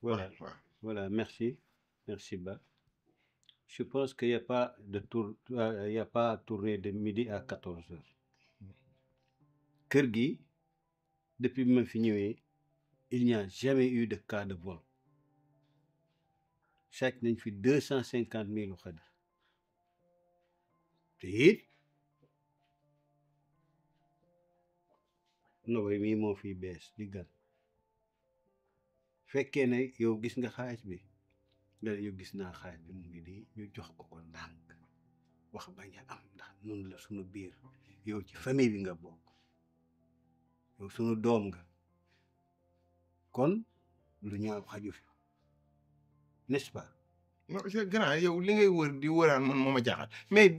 Voilà, voilà, merci, merci Ba. Je pense qu'il n'y pas tour, euh, pas à de midi à 14 heures. Kër gi depuis ma fi ñëwee il n'y a jamais eu de cas de vol. sàcc nañ fi deux cent cinquante mille xadi nobay mii moo fi bees diggal fekkee ne yow gis nga xaalis bi nga yow gis naa xaalis bi mu ngi nii ñu jox ko ko ndànk wax bañ a am ndax nun la suñu biir yow ci famille bi nga bokk yow suñu doom nga kon lu ñaaw xaju fi n'est-ce pas non c'est yow li ngay wër di wëraan man moo ma jaaxal mais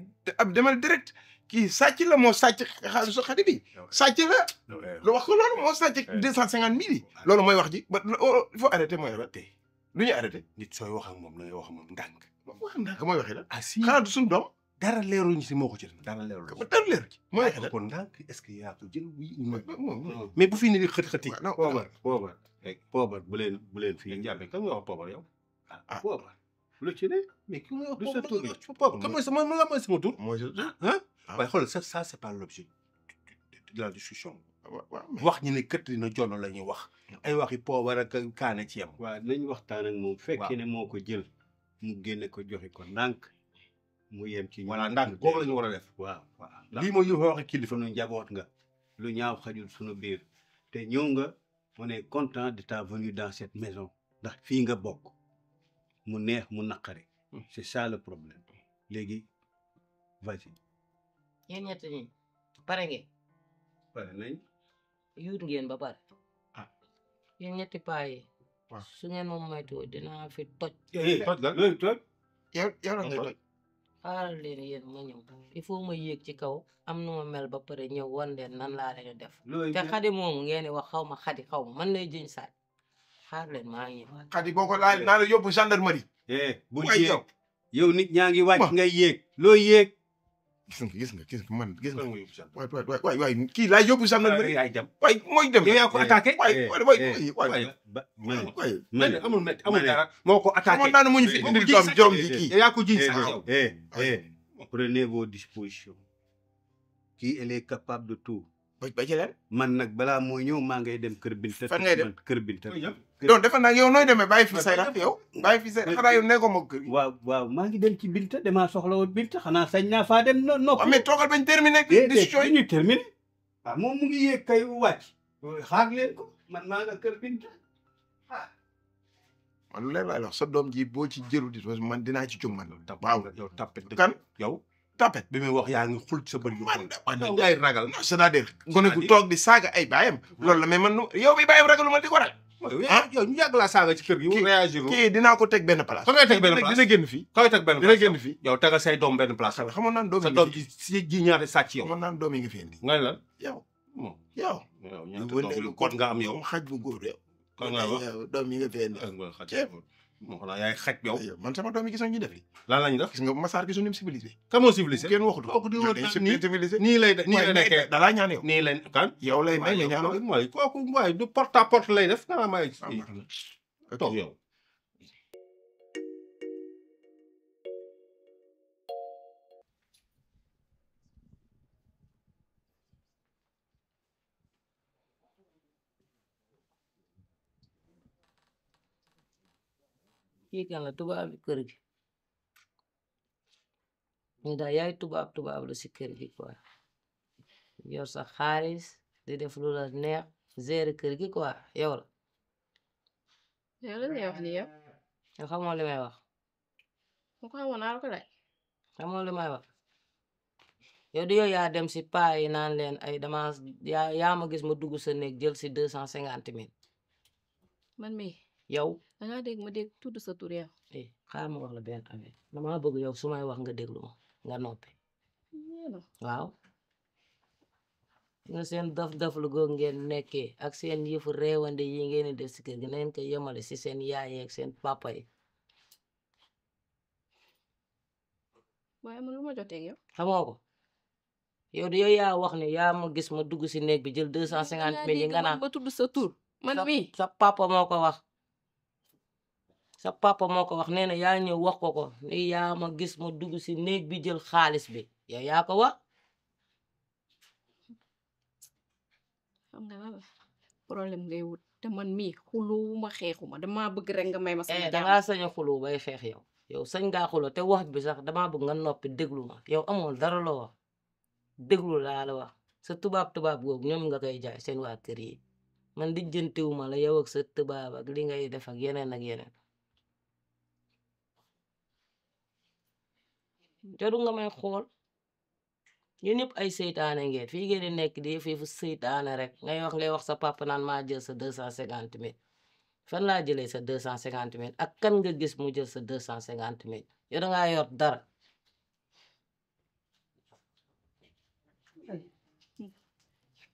ab demal direct kii sàcc la moo sàcc xaalisu xarit bi sàcc la lu wax ko loolu moo sàcc deux cent cinquante mille yi loolu mooy wax ji ba il faut arrêter mooy la tey lu ñu arrêté nit sooy wax ak moom la ngay wax ak moom ndànk wax ndànk mooy waxee la ah si xanaa du suñu doom dara leeruñu si moo ko ci def dara leeruñu dara leeru ci mooy waxee la kon ndànk est-ce que yaa ko jël oui ou mais bu fi ni di xët xëti poobar poobar poobar bu leen bu leen fii jàppe kan nga wax poobar yow ah poobar lu ci ne mais ma may wax du tur sama lan mooy sama tur. mooy sa tur ah. waaye xoolal ça ça c' est la discussion. wax ñu ne Katrina Dione la ñuy wax. ay waxi poobar ak kaane ci yam. waaw nañ waxtaan ak moom. fekkee ne moo ko jël. mu génne ko joxe ko ndànk. mu yem ci ñoom voilà ndànk boobu war a def. waaw waaw lii mooy yu ma kilifa nu njaboot nga. lu ñaaw xajul sunu biir. te ñëw nga on est content de ta venue dans cette maison. ndax fii nga bokk. mu neex mu naqari. Mm. c'est ça le problème léegi vas-y. yéen ñett ñi pare ngeen. pare nañ. yuut ngeen ba pare. ah ñetti paa su ngeen moom moytuwul dinaa fi toj. Eh, eh, toj la toj. yow toj. xaaral yéen ma ñëw il faut ma yéeg ci kaw am nu ma mel ba pare ñëw wan leen nan laa leen def. te xadi moomu ngeen di wax xaw ma xadi xaw ma man lay jëñ saat xaar leen maa ngi ñëwaat. xadi boo ko laaj naa la yóbbu gendarmerie. Eh, bul yéeg yow nit ñaa ngi wàcc ngay yéeg loo yéeg. gis nga gis nga gis man gis nga waay waay waay waay kii laay yóbbu gendarmerie ah, waay mooy dem. yow yaa ko eh, attaqué eh, waay waay waay waay. man amul métti amul dara moo ko attaqué. xamoon naa ne mu ñu fi indil doom jorom ji kii. yow yaa ko jiñ de tout. ba ci leen man nag balaa mooy ñëw maa ngay dem kër Binta. fan ngay dem kër Binta. donc defe naa yow nooy demee bàyyi fi bàyyi fi say xanaa yow nekkoo moom kër yi. waaw waaw maa ngi dem ci Binta demaa soxla woon Binta xanaa sañ naa faa dem no noppi. waaw mais toogal bañ terminé. décision yi ñu terminé. waaw moom mu ngi yéeg kay wàcc. ko man maa nga kër Binta ah. man sa doom ji boo ci jëru di man dinaa ci jóg waaw yow tapé kan yow. tapet bi muy wax yaa ngi xul sa bëri. man man yaay ragal c'est-à-dire gone gu toog di saaga ay baayam. loolu la mais man yow mi baayam ragalu ma di ko ragal. ah yow ñu ko teg benn place. fa ngay teg doom benn place. xamoon naa doom yi sa hmm. doom doom yi nga fi voilà yaay xaj yow. man sama doom yi gis ñu def li lan lañ def gis nga Massar gis nañu civilisé. kan moo civilisé kenn waxutu ko. nii lay nii lay nekkee da laa ñaan yow. nii lay kan yow lay may nga ñaan. waaye kooku waaye du porte à porte lay def nga may. toog yow. kii kan la tubaab bi kër gi ñu daal yaay tubaab tubaab lu si kër gi quoi yor sa xaalis di def lu la neex gérer kër gi quoi yow la. yow la ngay wax ni yow. yow xamoo li may wax. mu ko xamoon naa la ko laaj. xamoo li may wax. yow di yow yaa dem si paa yi naan leen ay dama yaa yaa ma gis ma dugg sa néeg jël si deux cent cinquante mille. man mii. yow. da ngaa dégg ma dégg tudd sa tur yow. eh xaaral ma wax la benn affaire damaa bëgg yow su may wax nga déglu ma nga noppi. waaw. nga seen daf-daf lu goog ngeen nekkee ak seen yëfu réewande yi ngeen di def si kër gi neen ko si seen yaay ak seen papa yi. waaye man lu ma jotee ak yow. xamoo ko yow de yow yaa wax ne yaa ma gis ma dugg si néeg bi jël deux cent cinquante mille nga naan ba tudd sa man mii sa papa moo wax. sa papa moo ko wax nee na yaa ñëw wax ko ko ni yaa ma gis ma dugg si néeg bi jël xaalis bi yow yaa ko wax. xam nga problème ngay te man mii xuluwuma xeexuma dama bëgg rek nga may ma sama eh, jàmm. dangaa bay xeex yow yow sañ ngaa te wax bi sax damaa bëgg nga noppi déglu ma yow amoon dara loo wa déglu laa la wax sa tubaab tubaab googu ñoom nga koy jaay seen waa kër yi man ma la yow ak sa tubaab ak li ngay def ak yeneen ak yeneen. jarul nga may xool yéen ñëpp ay seytaane ngeen fii ngeen nekk di fiifu seytaane rek ngay wax ngay wax sa papa naan maa jël sa deux cent cinquante mille fan laa jëlee sa deux cent cinquante mille ak kan nga gis mu jël sa deux cent cinquante mille yow dangaa yor dara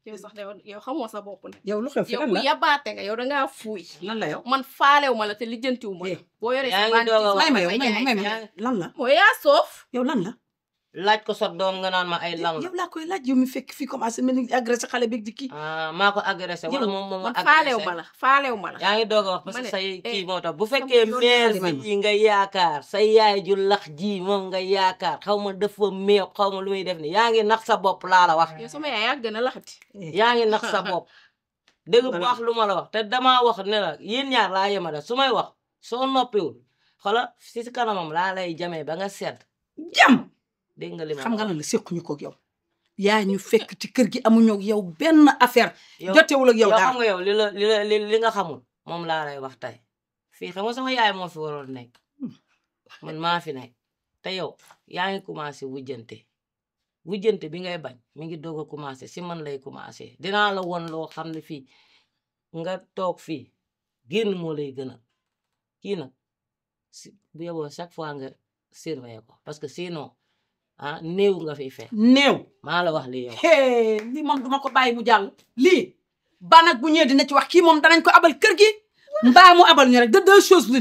yow sax yow xamoo sa bopp nag. yow lu xew fi lan la yow yabaate nga yow da ngaa fuuy. lan la yow man faalew ma la te lijjantiw ma la. Eh. boo yoree sa bànn may ma yow may ma lan la. mooy yaa soof. yow lan la. laaj ko sa doom nga naan ma ay lan la. yow laaj yow mi fekk fii commencé mel ni agressé bi di kii. Ah, maa ko agressé wala moom moom ma agressé faalew ma la faalew ma yaa ngi doog a wax parce que say eh, kii moo tax bu fekkee mère bi nga yaakaar sa yaay ju lax ji moom nga yaakaar xaw ma dafa meew xaw ma lu muy def ni yaa ngi nax sa bopp laa wax. yow sama gën a laxati. Eh, yaa ngi nax sa bopp. bu baax lu ma la wax te dama wax ne la yéen ñaar laa yemale su may wax soo noppiwul xoolal si kanamam laa lay jamee ba nga sedd jam dégg nga li ma xam nga lan la sekkuñu ko ak yow. yaa ñu fekk ci kër gi amuñu ak yow benn affaire. jotewul ak yow yow li nga xamul moom laa lay wax fii xam nga sama yaay moo fi waroon nekk hmm. man maa fi nekk te yow yaa ngi commencé wujjante wujjante bi ngay bañ mi ngi doog a commencé si man lay commencé dinaa la won loo xam ne fii nga toog fii génn moo lay gën a kii nag si bu chaque fois nga surveiller ko parce que sinon ah nga fiy fe néew maa wax lii yow. lii moom duma ko bàyyi mu jàll. lii ba nag bu ñëwee dina ci wax kii moom danañ ko abal kër gi. mbaa mu abal ñu rek de deux choses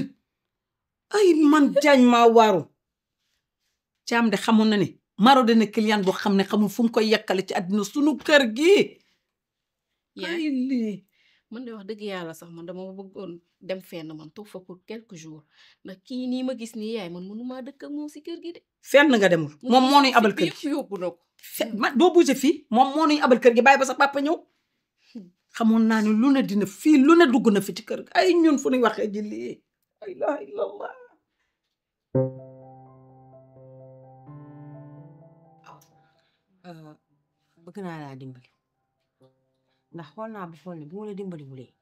ay man jaañ ma waaru. caam de xamoon na ni maro dana client boo xam ne xamul fu mu koy yekkale ci àddina sunu kër gi. ay lii mën de wax dëgg yàlla sax man dama bëggoon dem fenn man toog fa pour quelques na ndax kii nii ma gis nii yaay man mënumaa dëkk a moom si kër gi de. fenn nga demul moom moo nuy abal kër gi yóbbu na ko. Hmm. fii moom moo nuy abal kër gi bàyyi ba sa papa ñëw. Hmm. xamoon naa ne lu ne dina fii lu ne dugg na fi ci kër gi ay ñun fu ñuy wax a lii ay la illallah. Ah, bëgg naa laa ndax xool naa ba xool ne bu ma la dimbaliwulee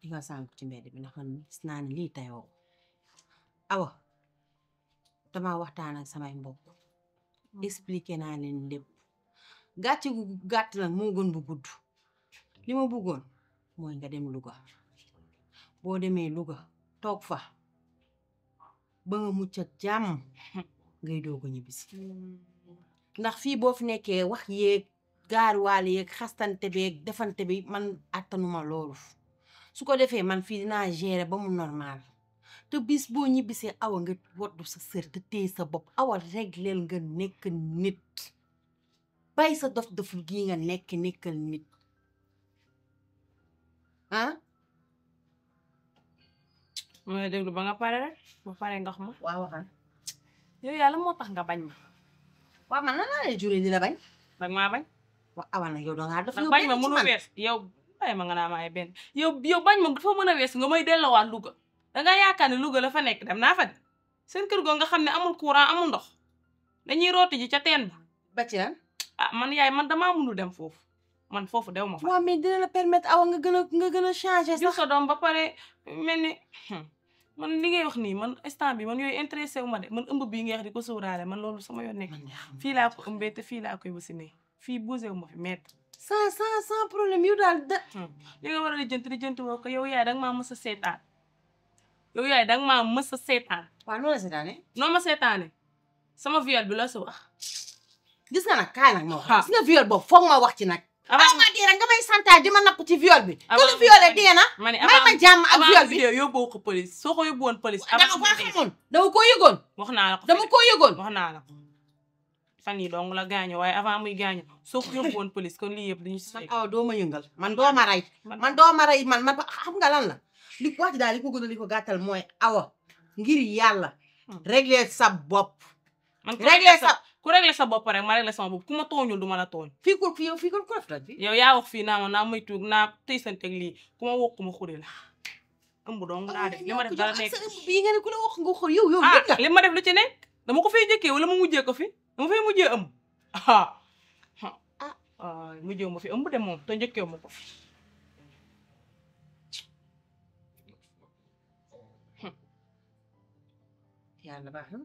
di nga sànk ci mbedd bi ndax man gis naa ne lii tayoo awa dama waxtaan ak samay mbokk mm. expliqué naa leen lépp gàcce gu gàtt nag moo gën bu gudd li ma bëggoon mooy nga dem Louga boo demee Louga toog fa ba nga mucc ak jàmm ngay doog a ñibbisi mm. ndax fii boo fi nekkee wax yeeg gaaruwaale yeeg xastante beeg defante bi man attanuma loolu su ko defee man fii dinaa gérer ba mu normal te bis boo ñibbisee awa nga woddu sa sër te téye sa bopp awa regleel nga nekk nit bàyyi sa dof doful gii nga nekk nekkal nit ah mooy déglu ba nga pare rek ba pare nga xam ma waaw waxal yow yàlla moo tax nga bañ ma wa man na naa lay juree di la bañ dag maa wax awa ah, nag yow doo ngaa dafa yow bañ ma mënu wees yow bàyyi ma nga naa ma ay benn yow bañ ma dafa mën a wees nga may delloowaat Louga danga yaakaar ne Louga la fa nekk dem naa fa de seen kër goo nga xam ne amul courant amul ndox dañu rooti ji ca teen ba ba ci lan ah, man yaay man damaa mënul dem foofu man foofu dew ma fa la permettre awa nga gën a nga gën a sa doom ba pare mel ni hmm, man li ngay wax nii man instant bi man yooyu intéressé wu ma de man ëmb bii nga wax di ko sóoraale man loolu sama yoon nekk fii laa ko ëmbee te fii laa koy wasi ne fii bousez wu ma fi mett sans sans sans problème yu daal da. Hmm. li nga war a lijjanti lijjanti woo ko yow yaay danga maa mës a seetaan yaay danga maa mës a seetaan. waaw noo sama viol bi la si wax. gis na nag kaay nag ma wax. gis nga viol boobu foog ma wax ci nag. a ma diira nga may santaay di ma napp ci viol bi. avant ma violé dee may ma jàmm ak viol bi. yóbboo ko police soo ko yóbbu woon police. dama ko wax naa la ko dama ko yëgoon wax naa la fan yi dong la gaañu waaye avant muy gaañu soo ko yóbbu woon police kon lii yëpp dañu si man aw doo ma yëngal man doo ma rey man doo ma rey man man xam nga lan la li ko wax daal li ko a li ko gàttal mooy awa ngir yàlla hmm. régler sa bopp régler sa ku réglé sa bopp rek ma réglé sama bopp ku ma tooñul du ma la tooñ fii ko fii yow fii ko ko def bi yow yaa wax fii naa yow yow ah, li ma def lu ci nekk ko fay jëkkee wala ma mujjee ko fi dama fay mujjee ëmb ah ah. ah mujjee ma fi ëmb de moom te njëkkee ma ko fi. Hmm. yàlla baax na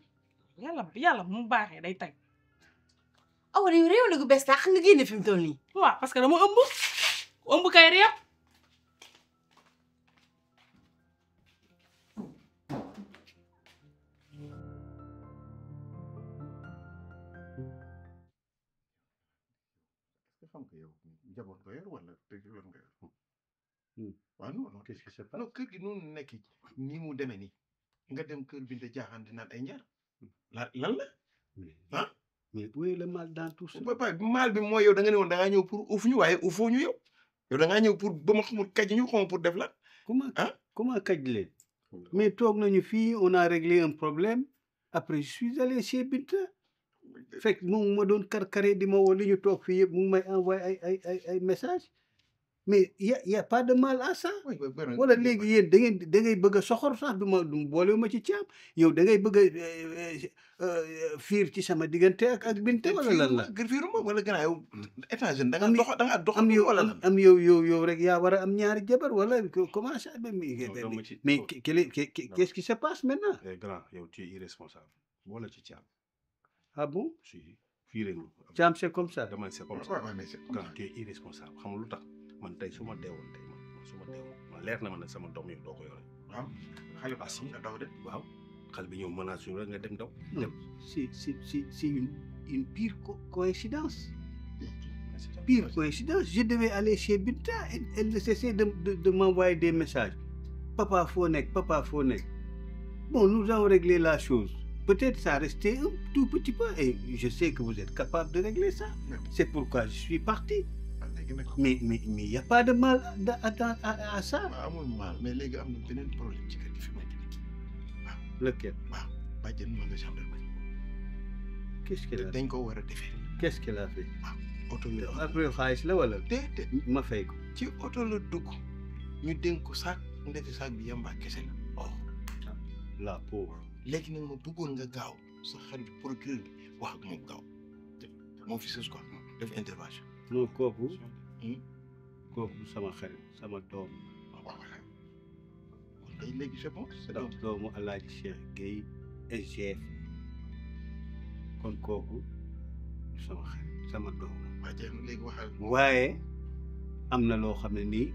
yàlla yàlla mu baaxee day tey. aw réew réew la gu bees tax nga génne fi mu toll nii. waaw parce que dama ëmb ëmb kay réew. sais pas non kër gi noonu nekk nii mu demee nii nga dem kër Binta Diakhane di naan ay njar la lan la ah. mais oui le mal dans tout ça. papa mal bi mooy yow da nga ne woon ñëw pour uuf ñu waaye uufoo ñu yow yow da ñëw pour ba ma xamul kaj ñu xamul pour def la comment ah comment kaj leen. mais toog nañu fii on a réglé un problème après je suis allé chez fekk moom ma doon karkare di ma woo li ñu toog fii yëpp mu may envoyé ay ay ay ay message mais y' a y' a pas de mal à ça. wala léegi yéen da ngeen da ngay bëgg a soxor sax du ma du boole ma ci caam yow da ngay a euh, euh, euh, fiir ci sama diggante ak ak binte wala lan la. fiiruma wala gannaaw yow état jeune da nga dox da nga dox am yow yaa a am ñaari jabar wala comment ça. mais quel qu'est-ce qui se passe maintenant. Eh, grand ci caam. ah bon. si fiiree caam c'est comme lu tax. man tey su ma deewoon leer na ma ne sama doom yi doo ah, bi ñëw menace dem daw. dem c'est c'est c'est c'est une une pire co je devais aller chez Binta elle ne cessait de de m'envoyer des messages papa foo nekk papa foo nekk bon nous avons réglé la chose. peut-être ça restait un tout petit peu et je sais que vous êtes capable de régler ça. C'est pourquoi je suis parti. léegi nag. mais mais mais y' a pas de mal à à ah, mais léegi am na beneen problème ci kër gi fi ah. Ah, ma jëlee waaw. dañ ko war a defee. qu'est-ce qu'elle la après wala. déedéet ma fay ko. ci oto la dugg ñu dénk ko saak ndeti saak bi yamba kese la. oh la pauvre. léegi nag ma bëggoon nga gaaw sa xarit procureur bi wax ak moom gaaw moom fi sus quoi def intervention. kooku sama xarit sama doom. kon kay léegi c'est bon SGF kon kooku du sama xarit sama doom. waaye am na loo xam ne nii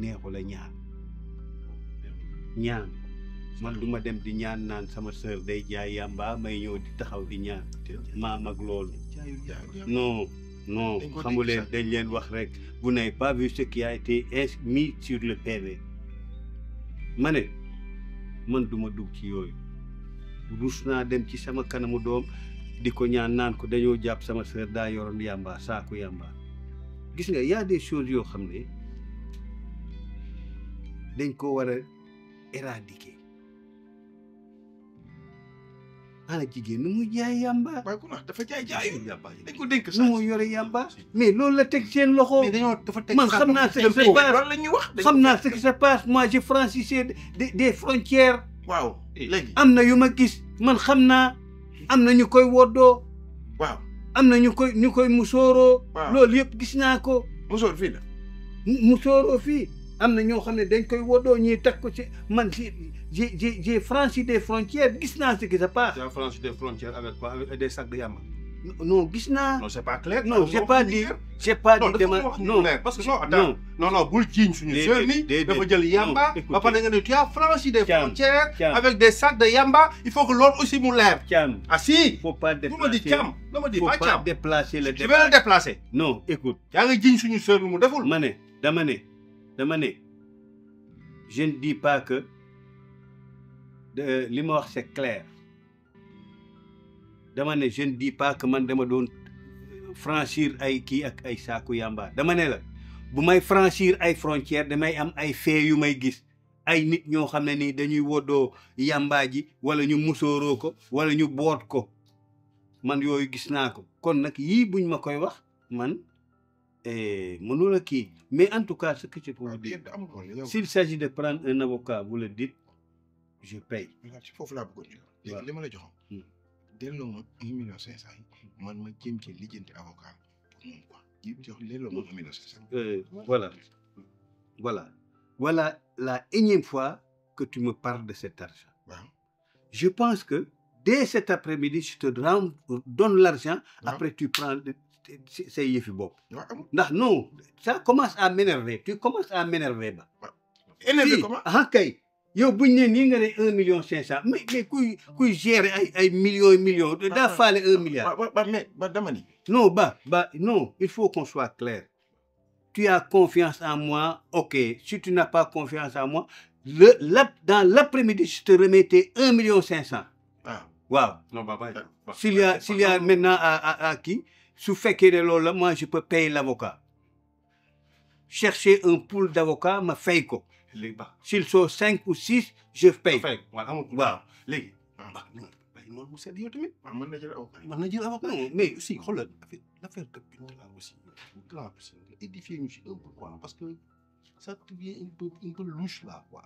neexu la ñaan ñaan man duma dem di ñaan naan sama sœur day jaay yàmba may ñëw di taxaw di ñaan maa mag loolu non non xam nga dañ leen wax rek vous n'avez pas vu ce qui a été mis sur le PV ma ne man du dugg ci yooyu ruus naa dem ci sama kanamu doom di ko ñaan naan ko dañoo jàpp sama sœur daa yoroon yàmbaa saaku yàmbaa gis nga y a des yoo xam ne dañ ko war a éradiquer xale jigéen nu mu jaay yàmba. dafa jaay jaayul yàmba dañ nu mu yore yàmba. mais loolu la teg seen loxo. mais dañoo dafa teg man xam naa ce qui se passe loolu la ñuy wax. naa ce qui se passe moi j'ai francisé des des frontières. waaw am na yu ma gis man xam naa am na ñu koy woddoo. waaw am na ñu koy mu koy musooroo. waaw loolu yëpp gis naa ko. musoor fii la. am na ñoo xam ne dañ koy woddoo ñuy ko ci man j'ai j'ai j'ai franchi des gis naa ce qui se passe. j'ai franchi des frontières avec quoi avec des de yamba. non gis na non c'est pas clair. non j'ai pas dit j'ai parce que non attends suñu sœur ni dafa jël yamba ba pare nga ne tu as franchi des frontières avec des aussi ah, si faut pas déplacer bu ma di caam la ma di pas caam le je vais le déplacer non écoute yaa nga jiiñ suñu sœur bi mu deful ma ne dama ne dama ne je ne dis pas que li ma wax se clair dama ne je ne dis man dama doon franchir ay kii ak ay saaku yàmba dama ne la bu may franchir ay frontières damay am ay fee yu may gis ay nit ñoo xam ne nii dañuy woddoo yàmbaa ji wala ñu musooroo ko wala ñu boot ko man yooyu gis naa ko kon nag yii buñ ma koy wax man Eh, mënul a kii mais en tout cas ce que je peux vous dire ah, s'il s'agit de foofu laa bëggoon ma la joxoon. ma un million cinq ma jéem ci lijjanti avocat jox delloo ma un million la fois que tu de cet argent. pense que dès cet après-midi je te rends euh, donne l'argent après tu prends. say yëfi bopp. ndax non ça commence à m'énerver tu commences à m'énerver ba. énerver comment ah kay. yow buñ ne nii nga ne un million cinq cent mais mais kuy ay ay millions millions daa faale un milliard. ba ba mais ba dama ni. non ba ba non il faut qu'on soit clair. tu as confiance en moi ok si tu n'as pas confiance en moi la dans l'après-midi je un million cinq cent. Ah. waaw. Euh, s'il y a s'il a qui. su fekkee ne loolu la moi je peux payer l'avocat chercher un pool d'avocat ma fay ko. léegi baax s'ils sont cinq ou six je paye. waaw léegi. waaw ah, avocat mais aussi xoolal affaire l'affaire de Binta aussi grand personne si un parce que ça un peu louche là quoi.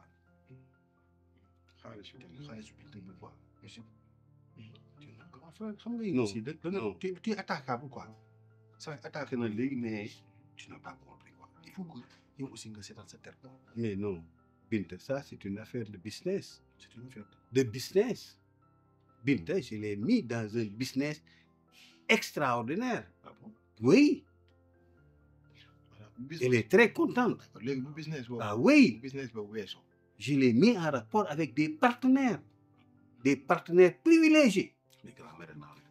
Franck xam nga yéen aussi. non non da tu léegi mais tu n'as pas compris que yow aussi nga seetal sa terre. mais c'est une affaire de business. c'est une de business. Binta je l'ai mis dans un business extraordinaire. ah bon oui. elle est très contente. ah oui je l'ai mis en rapport avec des partenaires des partenaires privilégiés. ni grand-mère naa la.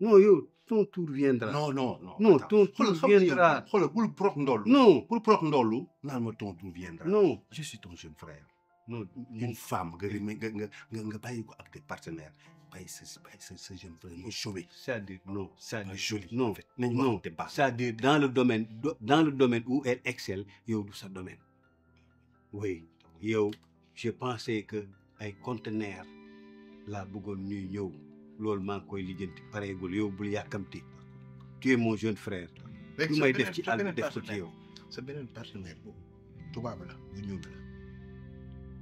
non yow ton tour viendra. non non non non ton tour viendra. xoolal bul prox ndoolu. non bul prox ndoolu. naan ma ton tour viendra. non je suis ton jeune frère. non une femme nga nga nga nga bàyyi ko ak des partenaires bàyyi sa bàyyi sa sa jeune frère mu sauvé. c'est-à-dire non c'est-à-dire joli. non non c'est-à-dire dans le domaine dans le domaine où elle excelle yow du sa domaine. E oui yow j'ai pensé que ay conteneurs. laa bëggoon ñuy ñëw loolu maa ngi koy lijjanti pareegul yow bul yàkkamti tu es mon jeune frère. lu may def ci àll def ko ci yow. sa beneen partenaire boobu tubaab la bu ñuul la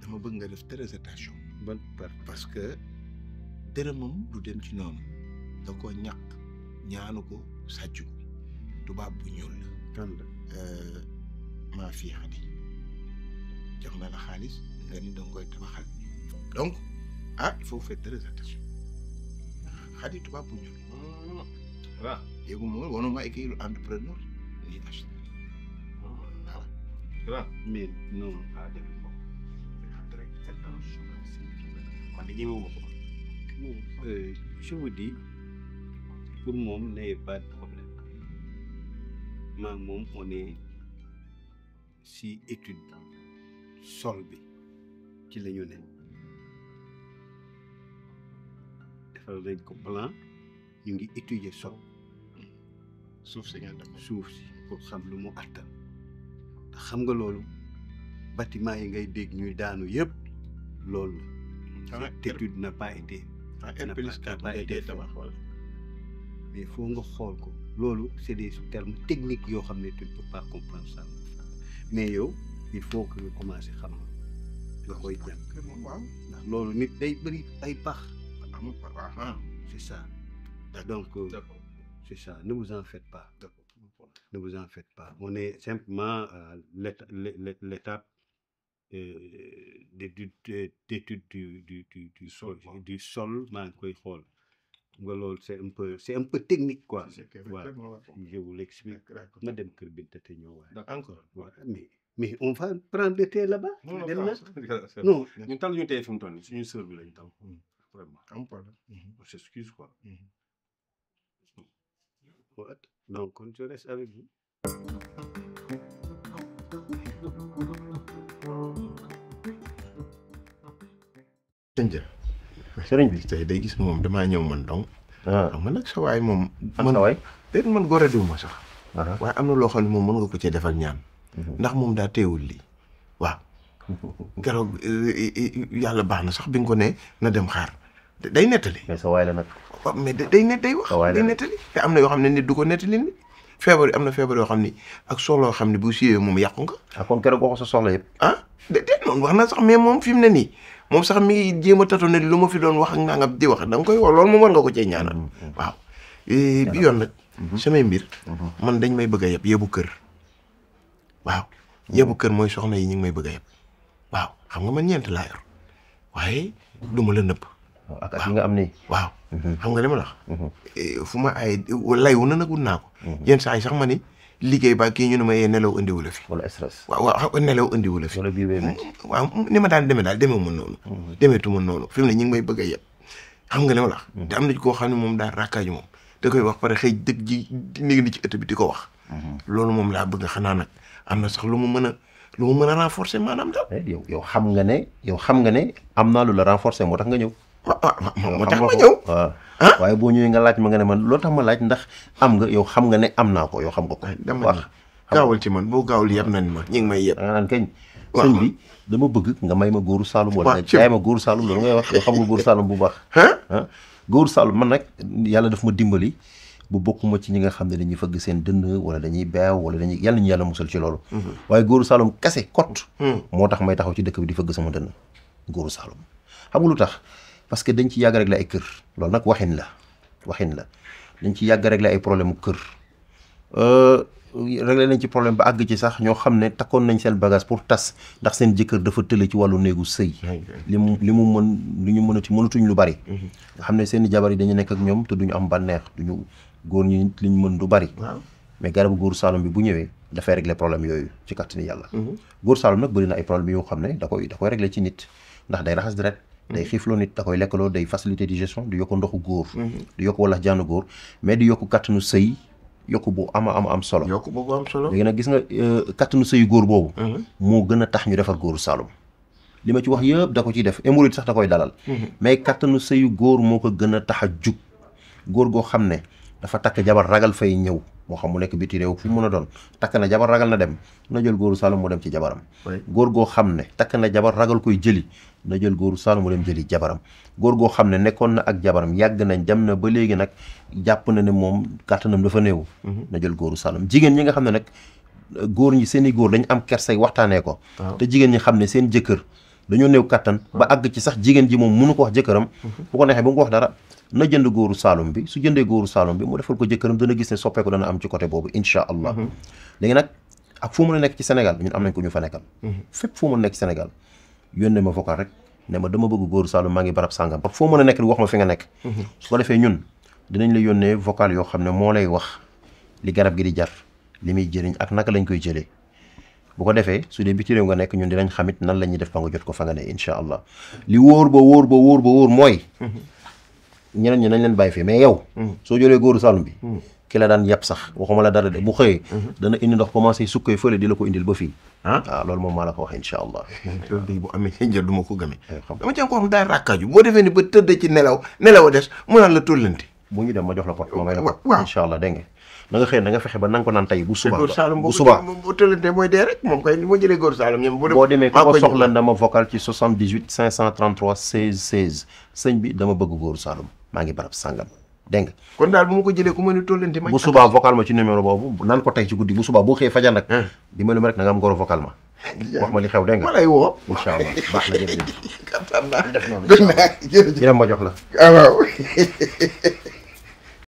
dama bëgg nga def très attention. ban parce que dërëmam du dem ci noonu da ko ñàkk ñaanu ko sàcc tubaab bu ñuul la. kan euh, maa fii xadi jox na la xaalis nga ni danga koy tabaxal ah il faut faire très attention hadi tubaab bu ñuul ah, waaw léegi moom wonuma ay kii lu entrepreneur lii acheter voilà. waaw mais non ah euh, ko. je vous dis moom n'ayez pas de moom on si étude sol bi ci la ñu ne. defal nañ ko plan ñu ngi étudier sol suuf si suuf si pour xam lu mu attan te xam nga loolu bâtiment yi ngay dégg ñu daanu yëpp loolu la. Ah cette n'a pas été. Ah, n'a pas été mais foo nga xool ko loolu c'est des termes techniques yoo xam ne tu ne peux pas comprendre mais yow il faut que ñu commencer xam nga koy jàng. loolu nit day bëri ay pax. amul problème ah, ah. c'est ça. Ah, donc euh, c'est ça ne vous en faites pas. ne vous en faites pas on est simplement à euh, l'étape euh, d'étude du du du du sol du sol maa ngi koy xool. nga loolu c'est un peu c'est un peu technique quoi. waaw je vous l'explique ma dem kër Binta te ñëw waaye. encore waaw mais mais on va prendre le thé là-bas. dem na non ñun tal ñu tey fi mu toll nii suñu sœur bi lañu tal. Hmm. vraiment. am problème. Ah, on donc mhm. on mhm. je reste bi tey day gis moom damaa ñëw man donc. Ah. xam nga nag sa waay moom. man waay déet man gore diw ah. na loo xam moom mën nga ko cee defal ñaan. Mhm. ndax moom daa teewul lii waaw. keroog eh, eh, eh, yàlla baax na sax bi nga ko ne na dem xaar. day nettali. mais sa waay la nag. waaw mais day net day wax. day nettali am na yoo xam ne nit du ko nettali nit. feebar na feebar yoo xam ni ak soxla yoo xam ne bu siyee moom yàqu nga. ah kon keroog waxu sa soxla yëpp. ah wax na sax mais moom fi mu ne nii moom sax mi ngi jéem a tato ne lu ma fi doon wax ak nangam di wax da koy wax loolu moom nga ko cee ñaanal. Mm-hmm, mm-hmm. waaw eh, yoon nag. Mm-hmm. samay mbir. man dañ may bëgg a yeb yebu kër. waaw yebu kër mooy soxna yi ñu ngi may bëgg a yeb waaw xam nga man ñeent laa yor waaye du ma la nëbb. ak at nga am nii. waaw mhm. xam nga li la mhm. eh, fu ma ay lay wu na nag naa ko. Mhm. yenn saa yi sax ma ni liggéey ba kii ñu ne ma yee eh, nelaw andiwu fi. wala stress waaw waaw nelaw la fi. wala bii mm, ma daan demee daal demee mu noonu. demeetu mu noonu fi mu ne ñu ngi may bëgg a xam nga li ma la wax. am na koo xam ne moom daal rakkaaju moom. da koy wax pare xëy dëgg ji néeg ni ci ëtt bi di ko wax. loolu moom laa bëgg xanaa nag am na sax lu ma mën a lu mu mën a renforcer maanaam daal. Eh, yow yow xam nga ne yow xam nga ne am naa lu la renforcer moo tax nga ñëw. moo tax ma ñëw waaw ah? waaye boo ñëwee nga laaj ma nga ne man loo tax ma laaj ndax am nga yow xam nga ne am naa ko yow xam nga ko wax gaawal ci man boo gaawul yeb nañ ma ñu ngi may yeb naan kañ sëñ bëgg nga may ma góoru saalum wala nga jaay ma góoru saalum loolu ngay wax yow xam nga góoru saalum bu baax ah góoru saalum nag yàlla daf ma dimbali bu bokkuma ci ñi nga xam ne dañuy fëgg seen dënn wala dañuy beew wala dañuy yàlla ñu yàlla musal ci loolu mhm. waaye góoru saalum kase kot hmm. moo tax may taxaw ci dëkk bi di fëgg sama dënn góoru saalum xam nga lu tax parce que dañ ci yàgg rek ay kër loolu nag waxin la waxin la dañ ci yàgg rek la ay problème mu kër euh, réglé nañ ci problème ba àgg ci sax ñoo xam ne takkoon nañ seen bagage pour tas ndax seen jëkkër dafa tële ci wàllu néegu sëy li mu li mu mën lu ñu mënati mënatuñ lu bari mhm. nga xam ne seen jabar yi dañu nekk ak ñoom te duñu am bànneex duñu góor ñi li ñu mën du bari mais garabu góor saalum bi bu ñëwee dafay régler problème yooyu ci kàttanu yàlla mhm. góor saalum nag bëri na ay problème yoo xam ne da koy da koy régler ci nit ndax day raxas deret day mhm. xiifloo nit da koy lekkaloo day facilité digestion di yokk ndoxu góor mhm. di yokk wala jaanu góor mais di yokk kàttanu sëy yokk bu ama ama am solo yokk boobu am solo léegi nag gis nga euh, kàttanu sëyu góor boobu mhm. moo gën a tax ñu defar góor Saloum li ma ci wax yëpp da ko ciy def hémorroïde sax da koy dalal mais kàttanu sëyu góor moo ko gën a tax a jug góor goo xam ne dafa takk jabar ragal fay ñëw moo xam mu nekk biti réew fu mu mën a doon takk na jabar ragal na dem na jël góoru Saalum mu dem ci jabaram góor goo xam ne takk na jabar ragal koy jëli na jël góoru Saalum mu dem jëli jabaram góor goo xam ne nekkoon na ak jabaram yàgg nañ jam na ba léegi nag jàpp na ne moom kàttanam dafa néew mhm. na jël góoru Saalum jigéen ñi nga xam ne nag góor ñi seeni i góor dañ am kerse waxtaanee ko te jigéen ñi xam ne seen jëkkër dañoo new kattan ba hmm. àgg ci sax jigéen ji moom mënu ko wax jëkkëram hmm. bu ko neexee bu mu wax dara na jënd góoru saalum bi su jëndee góoru saalum bi mu defal ko jëkkëram dana gis ne soppeeku dana am ci côté boobu incha allah hmm. léegi nag ak fu mu nekk ci Sénégal ñun am nañ ko ñu fa nekkal fépp fu nekk ci Sénégal ma vocal rek ne ma dama bëgg góoru maa ngi barab sàngam foo mën a nekk wax ma fi nga nekk su ko defee ñun dinañ la yónnee vocal yoo xam ne moo lay wax li garab gi di jar li muy jëriñ ak naka lañ koy jëlee bu ko defee su dee biti réew nga nekk ñun dinañ xamit nan la ñuy def ba nga jot ko fa nga ne incha allah li wóor ba wóor ba wóor ba wóor mooy ñeneen ñi nañ fii mais yow mm-hmm. soo jëlee góoru Saloum bi mm-hmm. ki la daan yàpp sax waxuma la dara de bu mm-hmm. xëyee dana indi ndox commencé sukkee di la ko indil ba fii ah moom ko wax incha allah loolu du ko gëmee eh, dama cee ko wax daal ràkkaaju boo defee ni ba tëdd ci nelaw nelaw a des mu naan la tóllanti bu ñu dem ma jox la pot ma ngay la pot incha allah dégg na nga xëy na nga fexe ba nanga ko naan tey bu suba bu suba jëlee ku ko soxla dama vocal ci 78 533 16 kon daal bu ma ko jëlee ku ma ni tollante ma bu subaa vocal ma ci numéro boobu naan ko tey ci guddi bu subaa boo xëyee fajar nag di ma lu ma rek na nga goro vocal ma wax ma li xew dégg ma lay woo incha allah baax na jërëjëf def noonu jërëjëf ma jox ah,